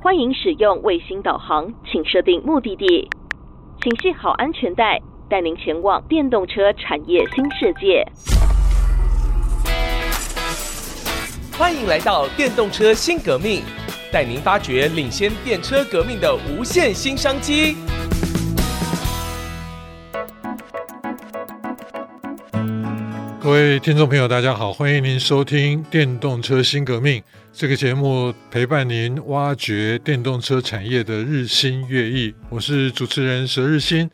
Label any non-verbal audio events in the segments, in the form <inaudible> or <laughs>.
歡迎使用衛星導航，請設定目的地。請繫好安全帶，帶您前往電動車產業新世界。歡迎來到電動車新革命，帶您發掘領先電車革命的無限新商機。各位聽眾朋友，大家好，歡迎您收聽電動車新革命。這個節目陪伴您挖掘電動車產業的日新月異。我是主持人佘日新，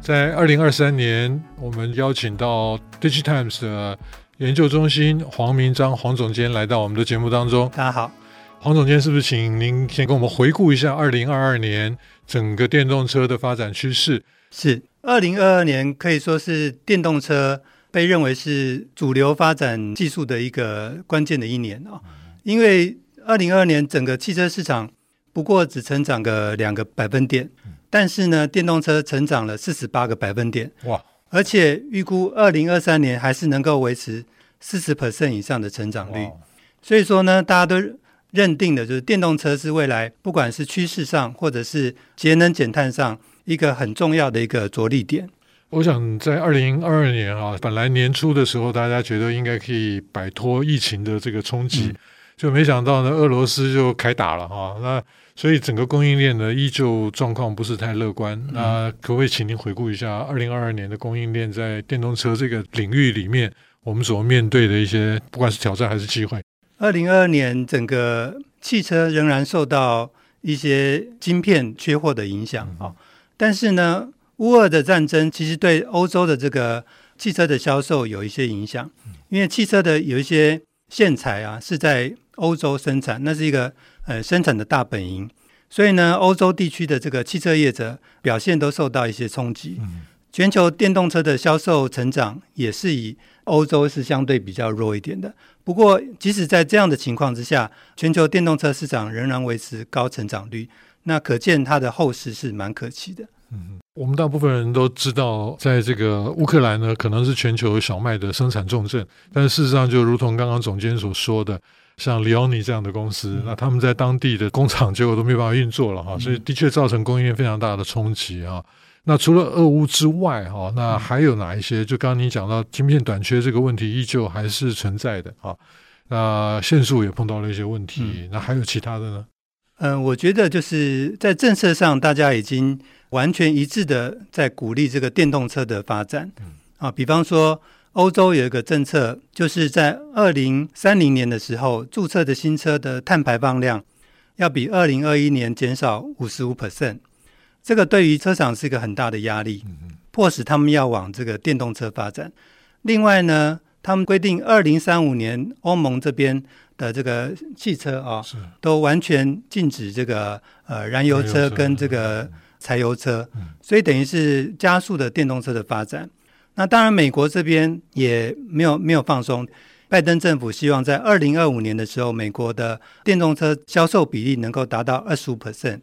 在二零二三年，我們邀請到 DIGITIMES 的研究中心黃銘章黃總監來到我們的節目當中。大家好，黃總監，是不是請您先跟我們回顧一下二零二二年整個電動車的發展趨勢？是，二零二二年可以說是電動車被認為是主流發展技術的一個關鍵的一年哦。因為二零二二年整個汽車市場，不過只成長個兩個百分點，但是呢，電動車成長了四十八個百分點，哇！而且預估二零二三年還是能夠維持四十 percent 以上的成長率，哇所以說呢，大家都認定的就是電動車是未來不管是趨勢上或者是節能減碳上一個很重要的一個着力點。我想在二零二二年啊，本來年初的時候，大家覺得應該可以擺脫疫情的這個衝擊。嗯就沒想到呢，俄羅斯就開打了哈，那所以整個供應鏈呢依舊狀況不是太樂觀。那可不可以請您回顧一下二零二二年的供應鏈在電動車這個領域裡面，我們所面對的一些不管是挑戰還是機會。二零二二年整個汽車仍然受到一些晶片缺貨的影響啊、哦，但是呢，烏俄的戰爭其實對歐洲的這個汽車的銷售有一些影響，因為汽車的有一些線材啊是在歐洲生產，那是一個呃生產的大本營，所以呢，歐洲地區的這個汽車業者表現都受到一些衝擊。嗯，全球電動車的銷售成長也是以歐洲是相對比較弱一點的。不過，即使在這樣的情況之下，全球電動車市場仍然維持高成長率，那可見它的後市是蠻可期的。嗯，我們大部分人都知道，在這個烏克蘭呢，可能是全球小麥的生產重鎮，但事實上，就如同剛剛總監所說的。像 Leoni 這樣的公司，嗯、那他們在當地的工廠結果都沒辦法運作了哈，嗯、所以的確造成供應鏈非常大的衝擊啊。嗯、那除了俄烏之外哈，那還有哪一些？就剛剛你講到晶片短缺這個問題，依舊還是存在的啊。那線束也碰到了一些問題，嗯、那還有其他的呢？嗯、呃，我覺得就是在政策上，大家已經完全一致的在鼓勵這個電動車的發展、嗯、啊，比方說。歐洲有一個政策，就是在二零三零年的時候，注冊的新車的碳排放量要比二零二一年減少五十五 percent。這個對於車廠是一個很大的壓力，迫使他們要往這個電動車發展。另外呢，他們規定二零三五年歐盟這邊的這個汽車啊、哦，都完全禁止這個呃燃油車跟這個柴油車，所以等於是加速了電動車的發展。那當然，美國這邊也沒有沒有放鬆。拜登政府希望在二零二五年的時候，美國的電動車銷售比例能夠達到二十五 percent，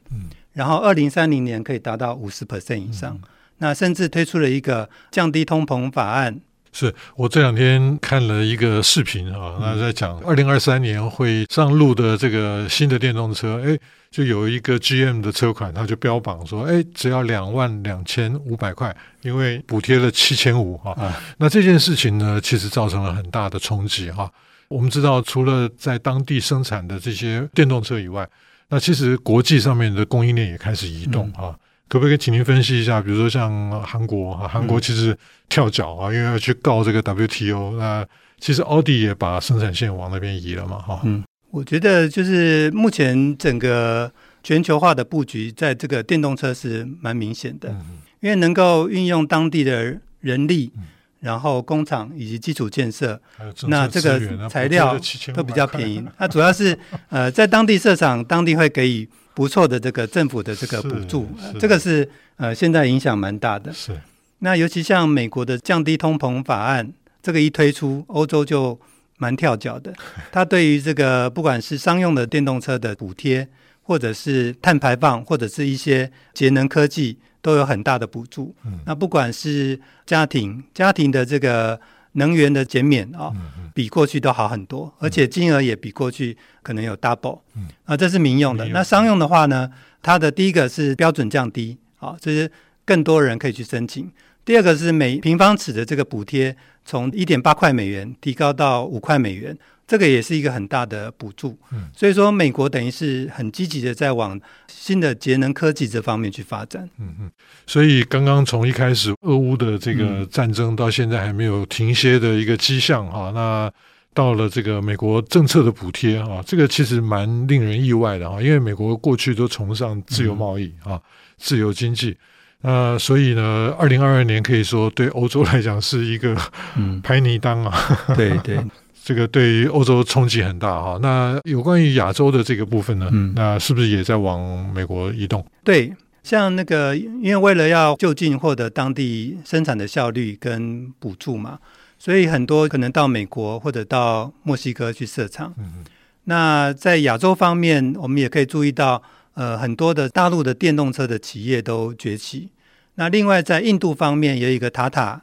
然後二零三零年可以達到五十 percent 以上。嗯、那甚至推出了一個降低通膨法案。是我這兩天看了一個視頻啊，那在講二零二三年會上路的這個新的電動車，哎，就有一個 GM 的車款，他就標榜說，哎，只要兩萬兩千五百塊，因為補貼了七千五哈。嗯、那這件事情呢，其實造成了很大的衝擊哈、啊。我們知道，除了在當地生產的這些電動車以外，那其實國際上面的供應鏈也開始移動哈、啊。嗯可不可以請您分析一下，比如說像韓國啊，韓國其實跳腳啊，嗯、因為要去告這個 WTO。那其實奧迪也把生產線往那邊移了嘛，哈。嗯，我覺得就是目前整個全球化的布局，在這個電動車是蠻明顯的，嗯、因為能夠運用當地的人力，嗯、然後工廠以及基礎建設，還有那這個材料都比較便宜。那 <laughs> 主要是呃，在當地設廠，當地會給予。不錯的這個政府的這個補助，呃、這個是呃現在影響蠻大的。是，那尤其像美國的降低通膨法案，這個一推出，歐洲就蠻跳腳的。它對於這個不管是商用的電動車的補貼，或者是碳排放，或者是一些節能科技，都有很大的補助。嗯、那不管是家庭，家庭的這個。能源的減免啊、哦，比過去都好很多，嗯嗯、而且金額也比過去可能有 double、嗯。啊，這是民用的。用那商用的話呢，它的第一個是標準降低，啊、哦，這、就是更多人可以去申請。第二個是每平方尺的這個補貼從一點八塊美元提高到五塊美元。這個也是一個很大的補助，所以說美國等於是很積極的在往新的節能科技這方面去發展。嗯嗯，所以剛剛從一開始俄烏的這個戰爭到現在還沒有停歇的一個跡象、嗯啊、那到了這個美國政策的補貼啊，這個其實蠻令人意外的、啊、因為美國過去都崇尚自由貿易、嗯、啊，自由經濟，那所以呢，二零二二年可以說對歐洲來講是一個、嗯、歹年冬啊。對對。 <laughs> 這個對於歐洲衝擊很大哈。那有關於亞洲的這個部分呢？嗯，那是不是也在往美國移動？對，像那個，因為為了要就近獲得當地生產的效率跟補助嘛，所以很多可能到美國或者到墨西哥去設廠。嗯哼，那在亞洲方面，我們也可以注意到，呃，很多的大陸的電動車的企業都崛起。那另外在印度方面，也有一個塔塔，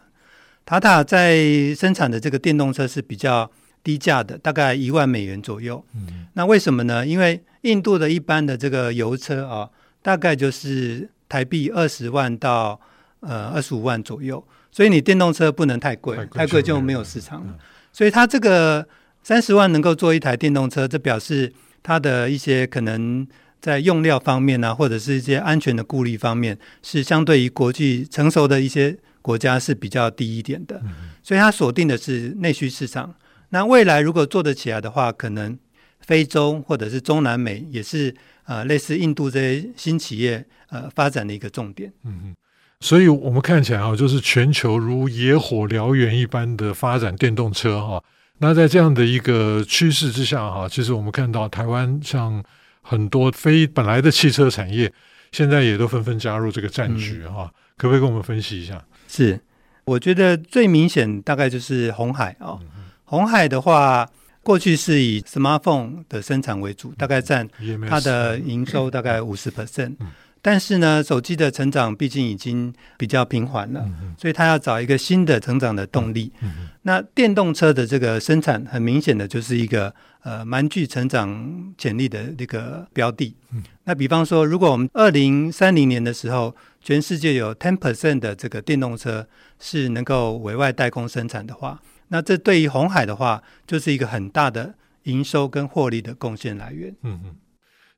塔塔在生產的這個電動車是比較。低價的大概一萬美元左右，嗯、那為什麼呢？因為印度的一般的這個油車啊，大概就是台幣二十萬到呃二十五萬左右，所以你電動車不能太貴，太貴，太貴就沒有市場了。嗯嗯、所以它這個三十萬能夠做一台電動車，這表示它的一些可能在用料方面呢、啊，或者是一些安全的顧慮方面，是相對於國際成熟的一些國家是比較低一點的。嗯嗯、所以它鎖定的是內需市場。那未來如果做得起來的話，可能非洲或者是中南美也是啊、呃，類似印度這些新企業呃發展的一個重點。嗯嗯，所以我們看起來哈、啊，就是全球如野火燎原一般的發展電動車哈、啊。那在這樣的一個趨勢之下哈、啊，其實我們看到台灣像很多非本來的汽車產業，現在也都紛紛加入這個戰局哈、啊。嗯、可不可以跟我們分析一下？是，我覺得最明顯大概就是鴻海啊。嗯鴻海的話，過去是以 smartphone 的生產為主，嗯、大概占它的營收大概五十 percent。嗯嗯嗯嗯、但是呢，手機的成長畢竟已經比較平緩了，嗯嗯、所以它要找一個新的成長的動力。嗯嗯嗯、那電動車的這個生產，很明顯的就是一個呃蠻具成長潛力的一個標的。嗯嗯、那比方說，如果我們二零三零年的時候，全世界有 ten percent 的這個電動車是能夠委外代工生產的話。那這對於鴻海的話，就是一個很大的營收跟獲利的貢獻來源。嗯嗯，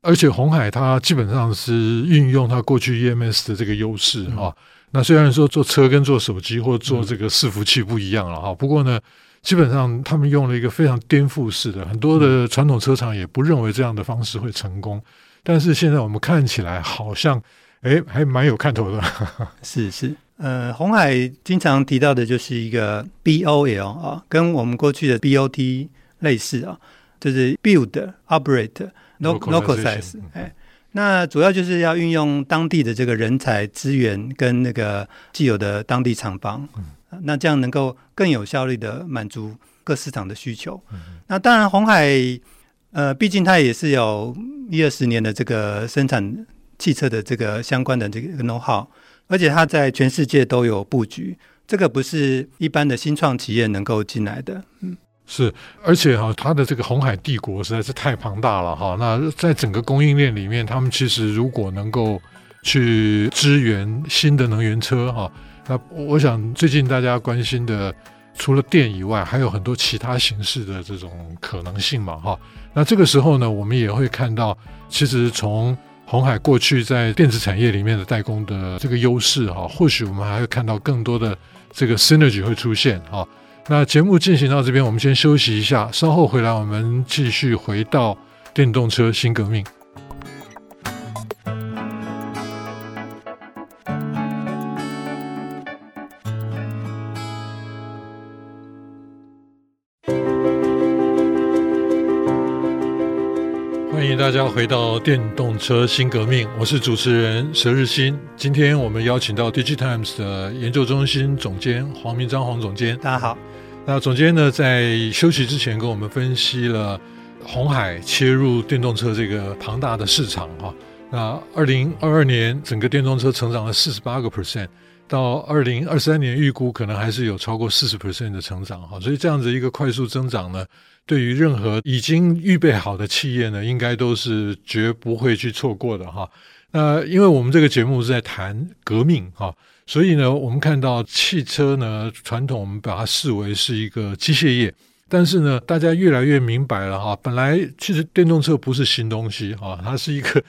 而且鴻海它基本上是運用它過去 EMS 的這個優勢啊。那雖然說做車跟做手機或做這個伺服器不一樣了哈、嗯哦，不過呢，基本上他們用了一個非常顛覆式的，很多的傳統車廠也不認為這樣的方式會成功。嗯、但是現在我們看起來好像，哎、欸，還蠻有看頭的。 <laughs> 是是。呃，鴻海經常提到的就是一個 B O L 啊、哦，跟我們過去的 B O T 類似啊、哦，就是 build, operate,、no, Localise。哎，那主要就是要運用當地的這個人才資源跟那個既有的當地廠房，嗯呃、那這樣能夠更有效率的滿足各市場的需求。嗯、哼那當然，鴻海呃，畢竟它也是有一二十年的這個生產汽車的這個相關的這個 know-how。而且它在全世界都有布局，這個不是一般的新創企業能夠進來的。嗯，是，而且哈、哦，它的這個鴻海帝國實在是太龐大了哈、哦。那在整個供應鏈裡面，他們其實如果能夠去支援新的能源車哈、哦，那我想最近大家關心的除了電以外，還有很多其他形式的這種可能性嘛哈、哦。那這個時候呢，我們也會看到，其實從鴻海過去在電子產業裡面的代工的這個優勢、啊，哈，或許我們還會看到更多的這個 synergy 會出現、啊，哈。那節目進行到這邊，我們先休息一下，稍後回來我們繼續回到電動車新革命。大家回到電動車新革命，我是主持人佘日新。今天我們邀請到 Digitimes 的研究中心總監黃銘章黃總監，大家好。那總監呢，在休息之前跟我們分析了鴻海切入電動車這個龐大的市場哈、啊。那二零二二年整個電動車成長了四十八個 percent。到二零二三年預估可能還是有超過四十 percent 的成長哈，所以這樣子一個快速增長呢，對於任何已經預備好的企業呢，應該都是絕不會去錯過的哈。那因為我們這個節目是在談革命哈，所以呢，我們看到汽車呢，傳統我們把它視為是一個機械業，但是呢，大家越來越明白了哈，本來其實電動車不是新東西哈，它是一個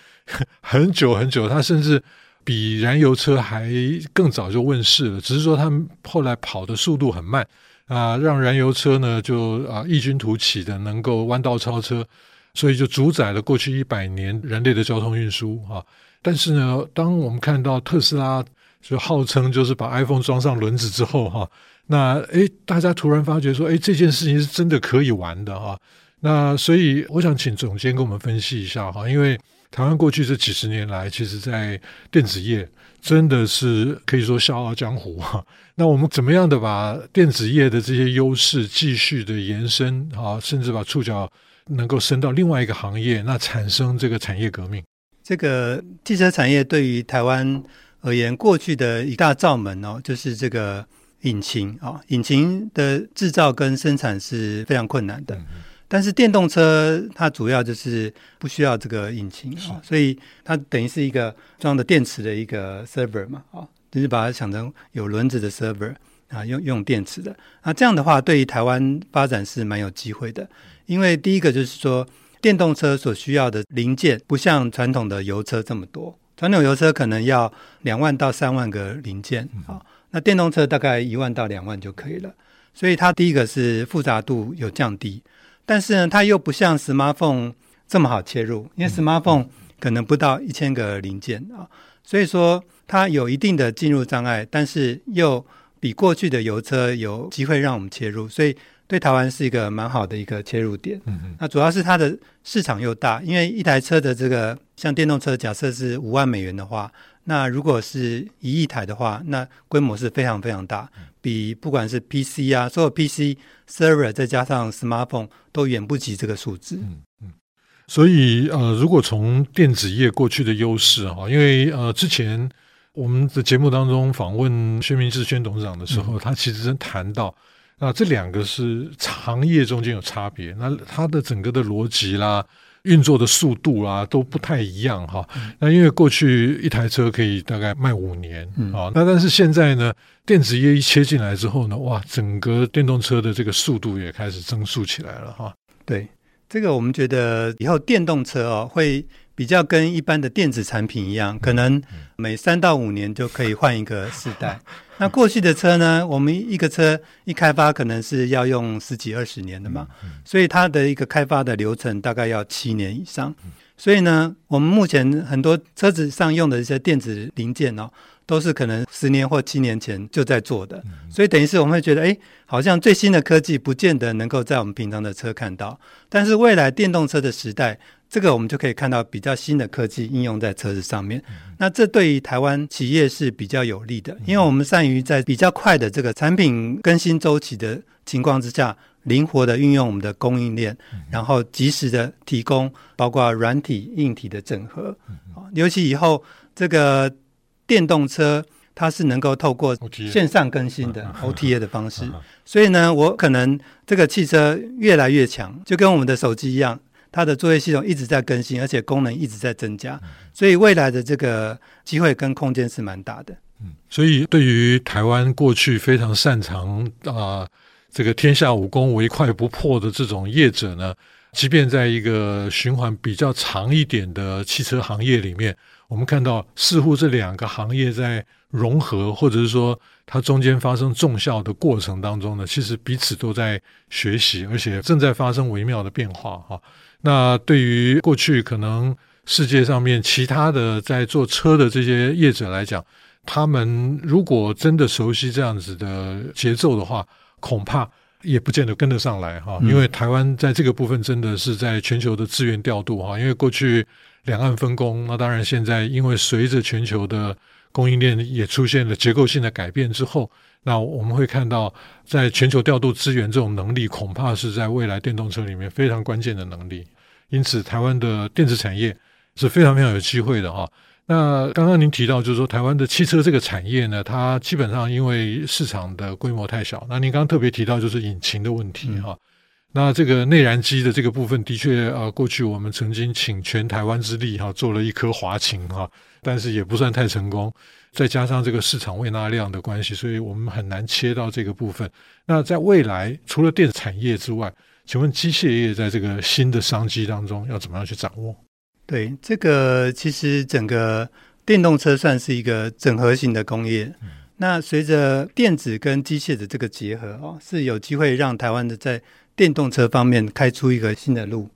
很久很久，它甚至。比燃油車還更早就問世了，只是說他們後來跑的速度很慢，啊，讓燃油車呢就啊異軍突起的能夠彎道超車，所以就主宰了過去一百年人類的交通運輸哈、啊，但是呢，當我們看到特斯拉就號稱就是把 iPhone 裝上輪子之後哈、啊，那哎，大家突然發覺說，哎，這件事情是真的可以玩的哈、啊，那所以我想請總監跟我們分析一下哈、啊，因為。台灣過去這幾十年來，其實在電子業真的是可以說笑傲江湖啊，那我們怎麼樣的把電子業的這些優勢繼續的延伸啊，甚至把觸角能夠伸到另外一個行業，那產生這個產業革命？這個汽車產業對於台灣而言，過去的一大罩門哦，就是這個引擎哦，引擎的製造跟生產是非常困難的。嗯但是電動車它主要就是不需要這個引擎啊，是 所以它等於是一個裝的電池的一個 server 嘛，啊，就是把它想成有輪子的 server 啊，用用電池的，那這樣的話對於台灣發展是蠻有機會的。因為第一個就是說，電動車所需要的零件，不像傳統的油車這麼多，傳統油車可能要兩萬到三萬個零件，好，那電動車大概一萬到兩萬就可以了，所以它第一個是複雜度有降低。但是呢，它又不像 smartphone 這麼好切入，因為 smartphone 可能不到一千個零件，嗯嗯，啊，所以說它有一定的進入障礙，但是又比過去的油車有機會讓我們切入，所以對台灣是一個蠻好的一個切入點。嗯嗯，那主要是它的市場又大，因為一台車的這個像電動車，假設是五萬美元的話。那如果是一億台的話，那規模是非常非常大，比不管是 PC 啊，所有 PC、Server 再加上 Smartphone 都遠不及這個數字。嗯嗯，所以呃，如果從電子業過去的優勢啊，因為呃之前我們的節目當中訪問宣明智宣董事長的時候，嗯、他其實談到那、呃、這兩個是行業中間有差別，那它的整個的邏輯啦。運作的速度啊都不太一樣哈，嗯、那因為過去一台車可以大概賣五年啊，嗯、那但是現在呢，電子業一切進來之後呢，哇，整個電動車的這個速度也開始增速起來了哈。對，這個我們覺得以後電動車哦會。比較跟一般的電子產品一樣，可能每三到五年就可以換一個世代。那過去的車呢？我們一個車一開發可能是要用十幾二十年的嘛，所以它的一個開發的流程大概要七年以上。所以呢，我們目前很多車子上用的一些電子零件哦，都是可能十年或七年前就在做的，嗯、所以等於是我們會覺得，誒，好像最新的科技不見得能夠在我們平常的車看到。但是未來電動車的時代，這個我們就可以看到比較新的科技應用在車子上面。嗯、那這對於台灣企業是比較有利的，嗯、因為我們善於在比較快的這個產品更新周期的情況之下，靈活的運用我們的供應鏈，然後及時的提供包括軟體硬體的整合。嗯嗯、尤其以後這個。電動車它是能夠透過線上更新的 OTA 的方式，所以呢，我可能這個汽車越來越強，就跟我們的手機一樣，它的作業系統一直在更新，而且功能一直在增加，所以未來的這個機會跟空間是蠻大的。嗯，所以對於台灣過去非常擅長啊，呃，這個天下武功唯快不破的這種業者呢，即便在一個循環比較長一點的汽車行業裡面，我們看到，似乎這兩個行業在融合，或者是說它中間發生綜效的過程當中呢，其實彼此都在學習，而且正在發生微妙的變化。哈，那對於過去可能世界上面其他的在做車的這些業者來講，他們如果真的熟悉這樣子的節奏的話，恐怕也不見得跟得上來。哈，因為台灣在這個部分真的是在全球的資源調度。哈，因為過去。兩岸分工，那當然現在因為隨着全球的供應鏈也出現了結構性的改變之後，那我們會看到，在全球調度資源這種能力，恐怕是在未來電動車裡面非常關鍵的能力。因此，台灣的電子產業是非常非常有機會的哈。那剛剛您提到就是說，台灣的汽車這個產業呢，它基本上因為市場的規模太小，那您剛剛特別提到就是引擎的問題哈。嗯。那這個內燃機的這個部分，的確啊，過去我們曾經請全台灣之力哈、啊、做了一顆華擎哈、啊，但是也不算太成功。再加上這個市場胃納量的關係，所以我們很難切到這個部分。那在未來，除了電子產業之外，請問機械業在這個新的商機當中要怎麼樣去掌握？對，這個其實整個電動車算是一個整合型的工業。嗯、那隨着電子跟機械的這個結合哦，是有機會讓台灣的在電動車方面開出一個新的路，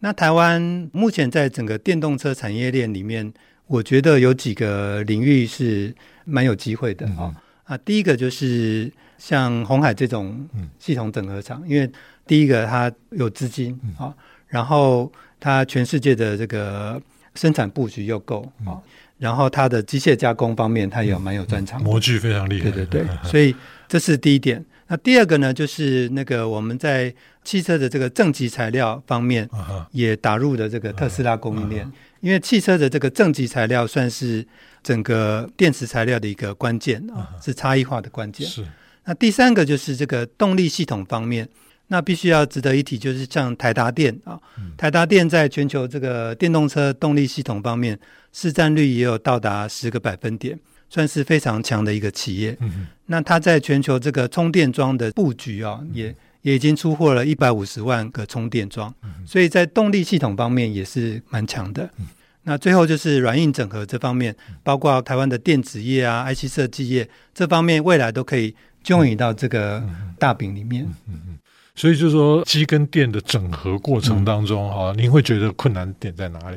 那台灣目前在整個電動車產業鏈裡面，我覺得有幾個領域是蠻有機會的啊、嗯、啊，第一個就是像鴻海這種系統整合廠，嗯、因為第一個它有資金啊，嗯、然後它全世界的這個生產布局又夠啊，嗯、然後它的機械加工方面它也蠻有專長，嗯，模具非常厲害，對對對， <laughs> 所以這是第一點。那第二個呢，就是那個我們在汽車的這個正極材料方面也打入了這個特斯拉供應鏈，啊、哈因為汽車的這個正極材料算是整個電池材料的一個關鍵啊哈，是差異化的關鍵。是。那第三個就是這個動力系統方面，那必須要值得一提，就是像台達電啊，台達電在全球這個電動車動力系統方面市占率也有到達十個百分點。算是非常強的一個企業，嗯、哼那它在全球這個充電樁的布局啊、哦，嗯、哼也也已經出貨了一百五十萬個充電樁，嗯、哼所以在動力系統方面也是蠻強的。嗯、哼那最後就是軟硬整合這方面，嗯、哼包括台灣的電子業啊、IC 設計業、嗯、哼這方面，未來都可以 join 到這個大餅裡面、嗯。所以就是說機跟電的整合過程當中啊，嗯、您會覺得困難點在哪裡？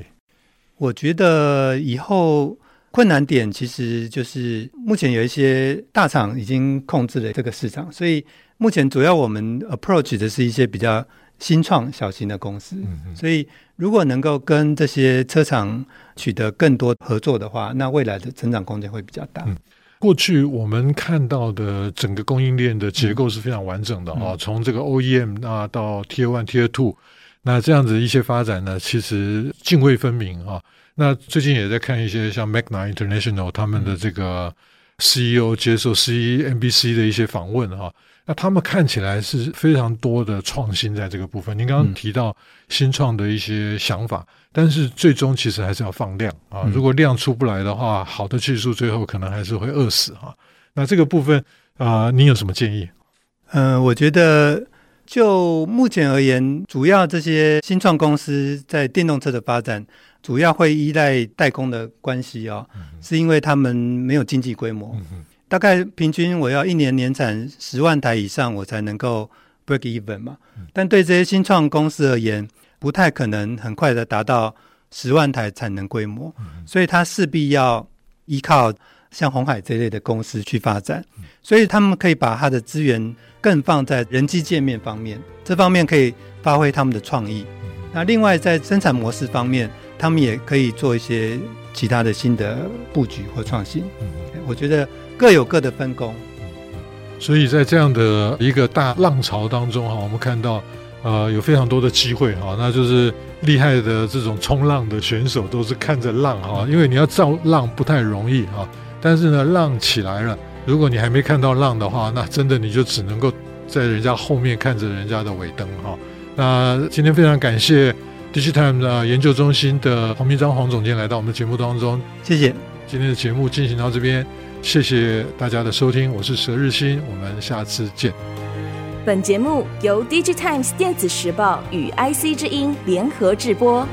我覺得以後。困難點其實就是目前有一些大廠已經控制了這個市場，所以目前主要我們 approach 的是一些比較新創小型的公司。所以如果能夠跟這些車廠取得更多合作的話，那未來的成長空間會比較大，嗯。過去我們看到的整個供應鏈的結構是非常完整的啊、哦，嗯嗯，從這個 OEM 啊到 Tier One、Tier Two，那這樣子一些發展呢，其實涇渭分明啊。那最近也在看一些像 Magna International 他們的這個 CEO 接受 CNBC 的一些訪問哈、啊，那他們看起來是非常多的創新在這個部分。您剛剛提到新創的一些想法，但是最終其實還是要放量啊，如果量出不來的話，好的技術最後可能還是會餓死啊。那這個部分啊，您有什麼建議？嗯、呃，我覺得。就目前而言，主要這些新創公司在電動車的發展，主要會依賴代工的關係哦，嗯、哼是因為他們沒有經濟規模，嗯、哼大概平均我要一年年產十萬台以上，我才能夠 break even 嘛。嗯、但對這些新創公司而言，不太可能很快的達到十萬台產能規模，嗯、哼所以它勢必要依靠。像鴻海這類的公司去發展，所以他們可以把他的資源更放在人機界面方面，這方面可以發揮他們的創意。那另外在生產模式方面，他們也可以做一些其他的新的布局或創新。我覺得各有各的分工。所以在這樣的一個大浪潮當中哈，我們看到呃有非常多的機會哈，那就是厲害的這種衝浪的選手都是看着浪哈，因為你要造浪不太容易哈。但是呢，浪起來了。如果你還沒看到浪的話，那真的你就只能夠在人家後面看着人家的尾燈哈、哦。那今天非常感謝 DIGITIMES 研究中心的黃銘章黃總監來到我們的節目當中，謝謝。今天的節目進行到這邊，謝謝大家的收聽，我是佘日新，我們下次見。本節目由 DIGITIMES 電子時報與 IC 之音聯合製播。